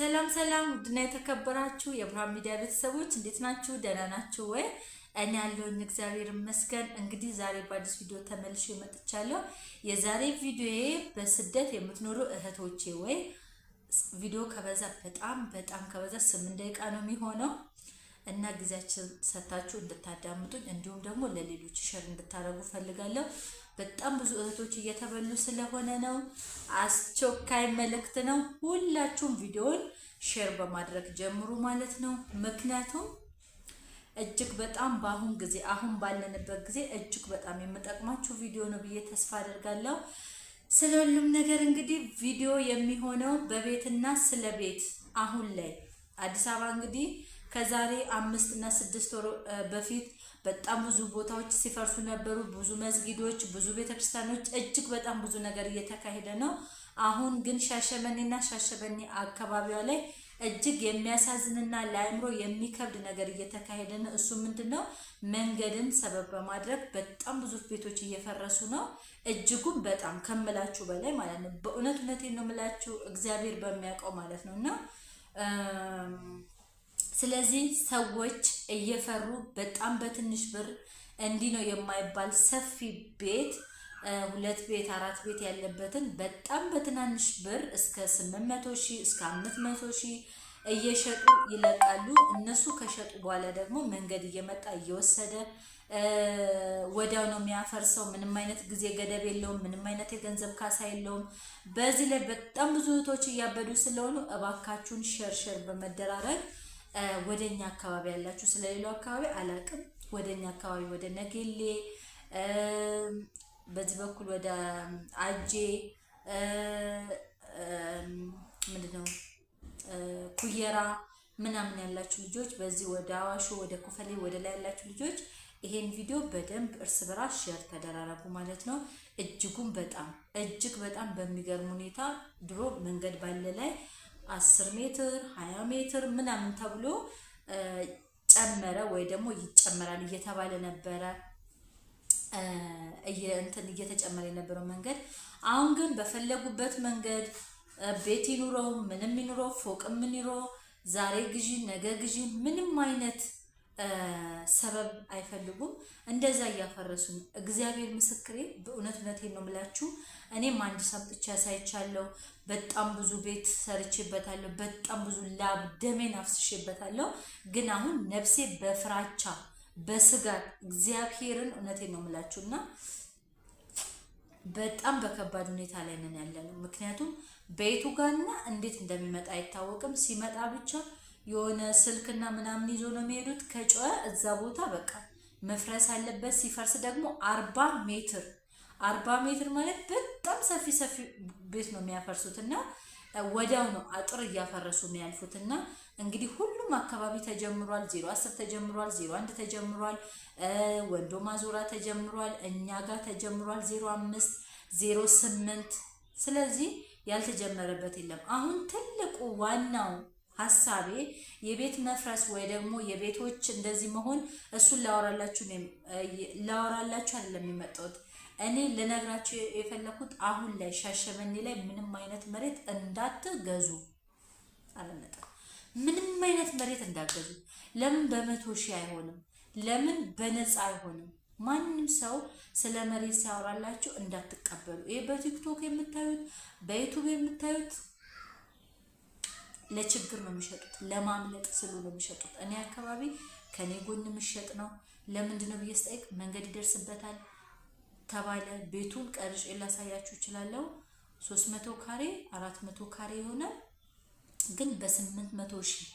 ሰላም ሰላም፣ ውድና የተከበራችሁ የብርሃን ሚዲያ ቤተሰቦች እንዴት ናችሁ? ደህና ናችሁ ወይ? እኔ ያለውን እግዚአብሔር ይመስገን። እንግዲህ ዛሬ በአዲስ ቪዲዮ ተመልሼ መጥቻለሁ። የዛሬ ቪዲዮ በስደት የምትኖሩ እህቶቼ ወይ ቪዲዮ ከበዛ በጣም በጣም ከበዛ ስምንት ደቂቃ ነው የሚሆነው እና ጊዜያችን ሰታችሁ እንድታዳምጡኝ እንዲሁም ደግሞ ለሌሎች ሸር እንድታደርጉ ፈልጋለሁ። በጣም ብዙ እህቶች እየተበሉ ስለሆነ ነው። አስቸኳይ መልእክት ነው። ሁላችሁም ቪዲዮውን ሼር በማድረግ ጀምሩ ማለት ነው። ምክንያቱም እጅግ በጣም በአሁን ጊዜ አሁን ባለንበት ጊዜ እጅግ በጣም የምጠቅማችሁ ቪዲዮ ነው ብዬ ተስፋ አደርጋለሁ። ስለ ሁሉም ነገር እንግዲህ ቪዲዮ የሚሆነው በቤትና ስለ ቤት አሁን ላይ አዲስ አበባ እንግዲህ ከዛሬ አምስት እና ስድስት ወር በፊት በጣም ብዙ ቦታዎች ሲፈርሱ ነበሩ። ብዙ መስጊዶች፣ ብዙ ቤተክርስቲያኖች፣ እጅግ በጣም ብዙ ነገር እየተካሄደ ነው። አሁን ግን ሻሸመኔና ሻሸመኔ አካባቢዋ ላይ እጅግ የሚያሳዝንና ለአእምሮ የሚከብድ ነገር እየተካሄደ ነው። እሱ ምንድን ነው? መንገድን ሰበብ በማድረግ በጣም ብዙ ቤቶች እየፈረሱ ነው። እጅጉም በጣም ከምላችሁ በላይ ማለት ነው። በእውነት እውነቴን ነው የምላችሁ እግዚአብሔር በሚያውቀው ማለት ነው እና ስለዚህ ሰዎች እየፈሩ በጣም በትንሽ ብር እንዲህ ነው የማይባል ሰፊ ቤት ሁለት ቤት አራት ቤት ያለበትን በጣም በትናንሽ ብር እስከ 8መቶ ሺህ እስከ መቶ ሺህ እየሸጡ ይለቃሉ። እነሱ ከሸጡ በኋላ ደግሞ መንገድ እየመጣ እየወሰደ ወዲያው ነው የሚያፈርሰው። ምንም አይነት ጊዜ ገደብ የለውም። ምንም አይነት የገንዘብ ካሳ የለውም። በዚህ ላይ በጣም ብዙ እህቶች እያበዱ ስለሆኑ እባካችሁን ሸርሸር በመደራረግ ወደ እኛ አካባቢ ያላችሁ፣ ስለሌላው አካባቢ አላቅም። ወደ እኛ አካባቢ ወደ ነጌሌ፣ በዚህ በኩል ወደ አጄ ምንድነው ኩየራ ምናምን ያላችሁ ልጆች በዚህ ወደ አዋሾ ወደ ኮፈሌ ወደ ላይ ያላችሁ ልጆች ይሄን ቪዲዮ በደንብ እርስ በራስ ሼር ተደራረጉ ማለት ነው። እጅጉን በጣም እጅግ በጣም በሚገርም ሁኔታ ድሮ መንገድ ባለ ላይ አስር ሜትር ሀያ ሜትር ምናምን ተብሎ ጨመረ ወይ ደግሞ ይጨመራል እየተባለ ነበረ እንትን እየተጨመረ የነበረው መንገድ። አሁን ግን በፈለጉበት መንገድ ቤት ይኑረው ምንም ይኑረው ፎቅ ምን ይኑረው ዛሬ ግዢ ነገ ግዢ ምንም አይነት ሰበብ አይፈልጉም። እንደዛ እያፈረሱ እግዚአብሔር ምስክሬ፣ በእውነት እውነቴን ነው የምላችሁ። እኔም አንድ ሰብጥቻ ያሳይቻለሁ። በጣም ብዙ ቤት ሰርቼበታለሁ። በጣም ብዙ ላብ ደሜን አፍስሼበታለሁ። ግን አሁን ነፍሴ በፍራቻ በስጋት እግዚአብሔርን እውነቴን ነው የምላችሁ እና በጣም በከባድ ሁኔታ ላይ ነን ያለነው። ምክንያቱም ቤቱ ጋርና እንዴት እንደሚመጣ አይታወቅም። ሲመጣ ብቻ የሆነ ስልክና ምናምን ይዞ ነው የሚሄዱት። ከጮኸ እዛ ቦታ በቃ መፍረስ አለበት። ሲፈርስ ደግሞ አርባ ሜትር አርባ ሜትር ማለት በጣም ሰፊ ሰፊ ቤት ነው የሚያፈርሱት እና ወዲያው ነው አጥር እያፈረሱ የሚያልፉት እና እንግዲህ ሁሉም አካባቢ ተጀምሯል። ዜሮ አስር ተጀምሯል። ዜሮ አንድ ተጀምሯል። ወንዶ ማዞራ ተጀምሯል። እኛ ጋር ተጀምሯል። ዜሮ አምስት ዜሮ ስምንት ስለዚህ ያልተጀመረበት የለም። አሁን ትልቁ ዋናው ሀሳቤ የቤት መፍረስ ወይ ደግሞ የቤቶች እንደዚህ መሆን እሱን ላወራላችሁ ላወራላችሁ አይደለም የመጣሁት። እኔ ልነግራችሁ የፈለኩት አሁን ላይ ሻሸመኔ ላይ ምንም አይነት መሬት እንዳትገዙ አለመጣ ምንም አይነት መሬት እንዳትገዙ። ለምን በመቶ ሺህ አይሆንም? ለምን በነፃ አይሆንም? ማንም ሰው ስለ መሬት ሲያወራላችሁ እንዳትቀበሉ። ይሄ በቲክቶክ የምታዩት በዩቱብ የምታዩት ለችግር ነው የሚሸጡት፣ ለማምለጥ ስሉ ነው የሚሸጡት። እኔ አካባቢ ከኔ ጎን የምሸጥ ነው። ለምንድን ነው ብዬ ስጠይቅ መንገድ ይደርስበታል ተባለ። ቤቱን ቀርጬ ላሳያችሁ እችላለሁ። ሶስት መቶ ካሬ አራት መቶ ካሬ የሆነ ግን በስምንት መቶ ሺህ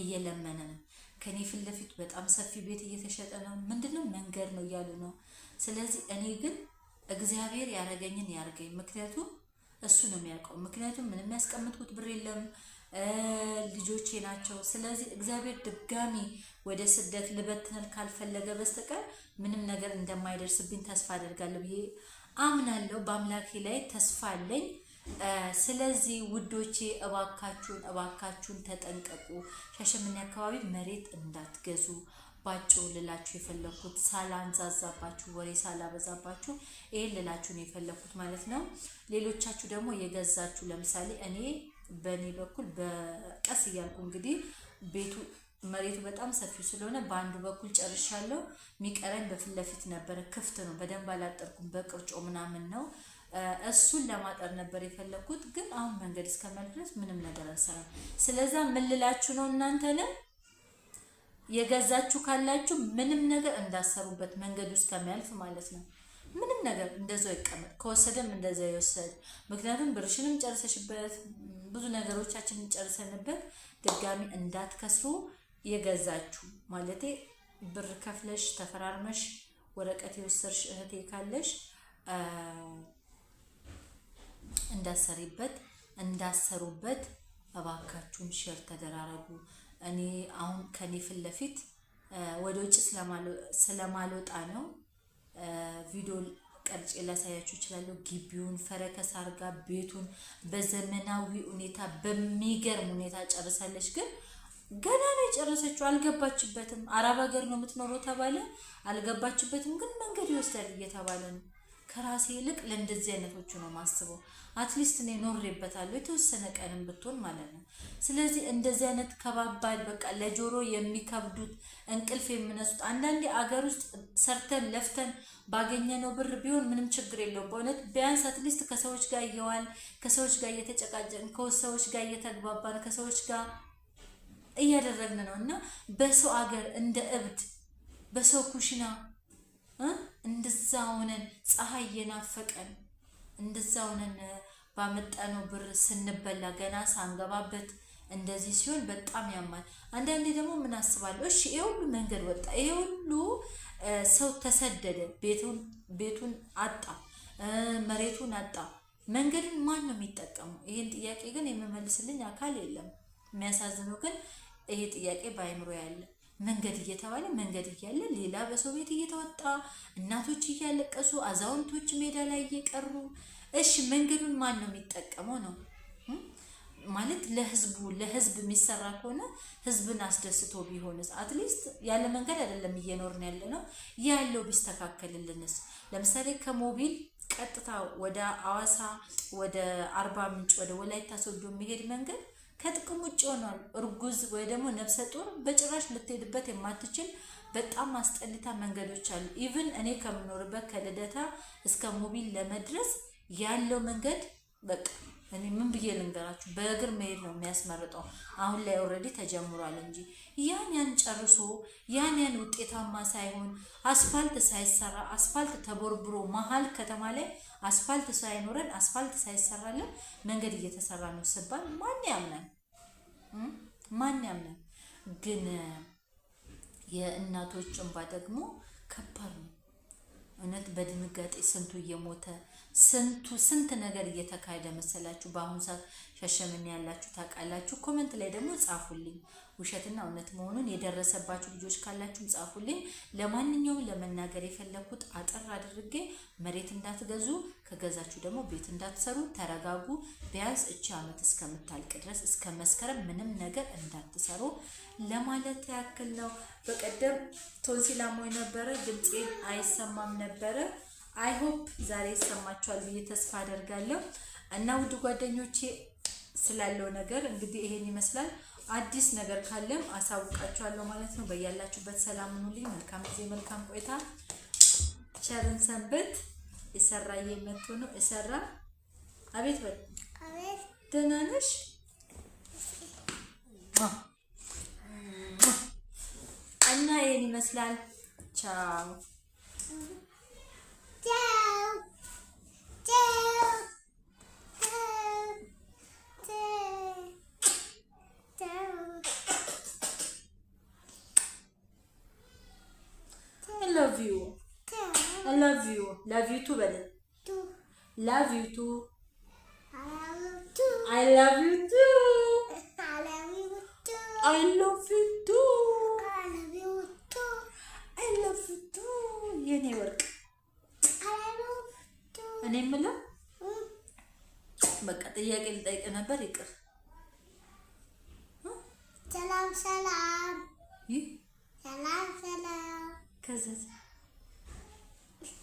እየለመነ ነው። ከኔ ፊት ለፊት በጣም ሰፊ ቤት እየተሸጠ ነው። ምንድነው መንገድ ነው እያሉ ነው። ስለዚህ እኔ ግን እግዚአብሔር ያረገኝን ያርገኝ። ምክንያቱም እሱ ነው የሚያውቀው። ምክንያቱም ምንም ያስቀምጥኩት ብር የለም። ልጆቼ ናቸው። ስለዚህ እግዚአብሔር ድጋሚ ወደ ስደት ልበትነን ካልፈለገ በስተቀር ምንም ነገር እንደማይደርስብኝ ተስፋ አደርጋለሁ ብዬ አምናለሁ። በአምላኬ ላይ ተስፋ አለኝ። ስለዚህ ውዶቼ እባካችሁን እባካችሁን ተጠንቀቁ። ሻሸመኔ አካባቢ መሬት እንዳትገዙ ባጭሩ ልላችሁ የፈለኩት ሳላንዛዛባችሁ ወሬ ሳላበዛባችሁ ይሄን ልላችሁ ነው የፈለኩት ማለት ነው። ሌሎቻችሁ ደግሞ የገዛችሁ ለምሳሌ እኔ በእኔ በኩል በቀስ እያልኩ እንግዲህ ቤቱ መሬቱ በጣም ሰፊ ስለሆነ በአንዱ በኩል ጨርሻለሁ። የሚቀረኝ በፊት ለፊት ነበረ። ክፍት ነው፣ በደንብ አላጠርኩም። በቅርጮ ምናምን ነው። እሱን ለማጠር ነበር የፈለግኩት፣ ግን አሁን መንገድ እስከመድረስ ምንም ነገር አልሰራም። ስለዛ ምልላችሁ ነው እናንተንም የገዛችሁ ካላችሁ ምንም ነገር እንዳሰሩበት መንገዱ እስከሚያልፍ ማለት ነው። ምንም ነገር እንደዛው ይቀመጥ፣ ከወሰደም እንደዛው ይወሰድ። ምክንያቱም ብርሽንም ጨርሰሽበት ብዙ ነገሮቻችንን ጨርሰንበት ድጋሚ እንዳትከስሩ የገዛችሁ ማለቴ ብር ከፍለሽ ተፈራርመሽ ወረቀት የወሰርሽ እህቴ ካለሽ እንዳሰሪበት እንዳሰሩበት እባካችሁን ሼር ተደራረጉ። እኔ አሁን ከኔ ፊት ለፊት ወደ ውጭ ስለማልወጣ ነው ቪዲዮ ቀርጬ ላሳያችሁ እችላለሁ። ግቢውን ፈረከስ አርጋ ቤቱን በዘመናዊ ሁኔታ በሚገርም ሁኔታ ጨርሳለች። ግን ገና ነው የጨረሰችው፣ አልገባችበትም። አረብ ሀገር ነው የምትኖረው ተባለ፣ አልገባችበትም። ግን መንገድ ይወስዳል እየተባለ ነው። ከራሴ ይልቅ ለእንደዚህ አይነቶቹ ነው ማስበው። አትሊስት እኔ ኖሬበታለሁ የተወሰነ ቀንም ብትሆን ማለት ነው። ስለዚህ እንደዚህ አይነት ከባባድ በቃ ለጆሮ የሚከብዱት እንቅልፍ የምነሱት አንዳንዴ አገር ውስጥ ሰርተን ለፍተን ባገኘነው ብር ቢሆን ምንም ችግር የለውም። በእውነት ቢያንስ አትሊስት ከሰዎች ጋር እየዋል ከሰዎች ጋር እየተጨቃጨን ከሰዎች ጋር እየተግባባን ከሰዎች ጋር እያደረግን ነው እና በሰው አገር እንደ እብድ በሰው ኩሽና እንደዛ ሆነን ፀሐይ እየናፈቀን እንደዛ ሆነን ባመጣነው ብር ስንበላ ገና ሳንገባበት እንደዚህ ሲሆን በጣም ያማል። አንዳንዴ ደግሞ ምን አስባለሁ፣ እሺ ይሄ ሁሉ መንገድ ወጣ፣ ይሄ ሁሉ ሰው ተሰደደ፣ ቤቱን አጣ፣ መሬቱን አጣ፣ መንገድን ማን ነው የሚጠቀመው? ይህን ጥያቄ ግን የምመልስልኝ አካል የለም። የሚያሳዝነው ግን ይሄ ጥያቄ በአይምሮ ያለ መንገድ እየተባለ መንገድ እያለ ሌላ በሰው ቤት እየተወጣ እናቶች እያለቀሱ አዛውንቶች ሜዳ ላይ እየቀሩ እሺ መንገዱን ማን ነው የሚጠቀመው ነው ማለት ለህዝቡ ለህዝብ የሚሰራ ከሆነ ህዝብን አስደስቶ ቢሆንስ፣ አትሊስት ያለ መንገድ አይደለም እየኖርን ያለ ነው። ያለው ቢስተካከልልንስ፣ ለምሳሌ ከሞቢል ቀጥታ ወደ አዋሳ፣ ወደ አርባ ምንጭ፣ ወደ ወላይታ ሶዶ የሚሄድ መንገድ ከጥቅም ውጭ ሆኗል። እርጉዝ ወይ ደግሞ ነፍሰ ጡር በጭራሽ ልትሄድበት የማትችል በጣም አስጠሊታ መንገዶች አሉ። ኢቭን እኔ ከምኖርበት ከልደታ እስከ ሞቢል ለመድረስ ያለው መንገድ በቃ እኔ ምን ብዬ ልንገራችሁ፣ በእግር መሄድ ነው የሚያስመርጠው። አሁን ላይ ኦልሬዲ ተጀምሯል እንጂ ያን ያን ጨርሶ ያን ያን ውጤታማ ሳይሆን አስፋልት ሳይሰራ አስፋልት ተቦርብሮ መሀል ከተማ ላይ አስፋልት ሳይኖረን አስፋልት ሳይሰራለን መንገድ እየተሰራ ነው ስባል ማን ያምነን? ማን ያምነን? ግን የእናቶች እንባ ደግሞ ከባድ ነው። እውነት በድንጋጤ ስንቱ እየሞተ ስንቱ ስንት ነገር እየተካሄደ መሰላችሁ። በአሁኑ ሰዓት ሻሸመኔ ያላችሁ ታውቃላችሁ። ኮመንት ላይ ደግሞ ጻፉልኝ። ውሸትና እውነት መሆኑን የደረሰባችሁ ልጆች ካላችሁም ጻፉልኝ። ለማንኛውም ለመናገር የፈለኩት አጠር አድርጌ መሬት እንዳትገዙ ከገዛችሁ ደግሞ ቤት እንዳትሰሩ፣ ተረጋጉ። ቢያንስ እቺ ዓመት እስከምታልቅ ድረስ እስከ መስከረም ምንም ነገር እንዳትሰሩ ለማለት ያክል ነው። በቀደም ቶንሲላሞ ነበረ፣ ድምፄን አይሰማም ነበረ። አይሆፕ ዛሬ ይሰማችኋል ብዬ ተስፋ አደርጋለሁ እና ውድ ጓደኞቼ ስላለው ነገር እንግዲህ ይሄን ይመስላል። አዲስ ነገር ካለም አሳውቃችኋለሁ ማለት ነው። በያላችሁበት ሰላም ሁኑልኝ። መልካም ጊዜ፣ መልካም ቆይታ። ቸርን ሰንበት። የሰራ እየመጡ ነው። የሰራ አቤት በል ደህና ነሽ? እና ይህን ይመስላል። ቻው love you I love you love you too በል love you too I love you too I love you too I love you too የኔ ወርቅ እኔ የምለው በቃ ጥያቄ ልጠይቅ ነበር ይቅር ሰላም ሰላም ሰላም ሰላም ከዛ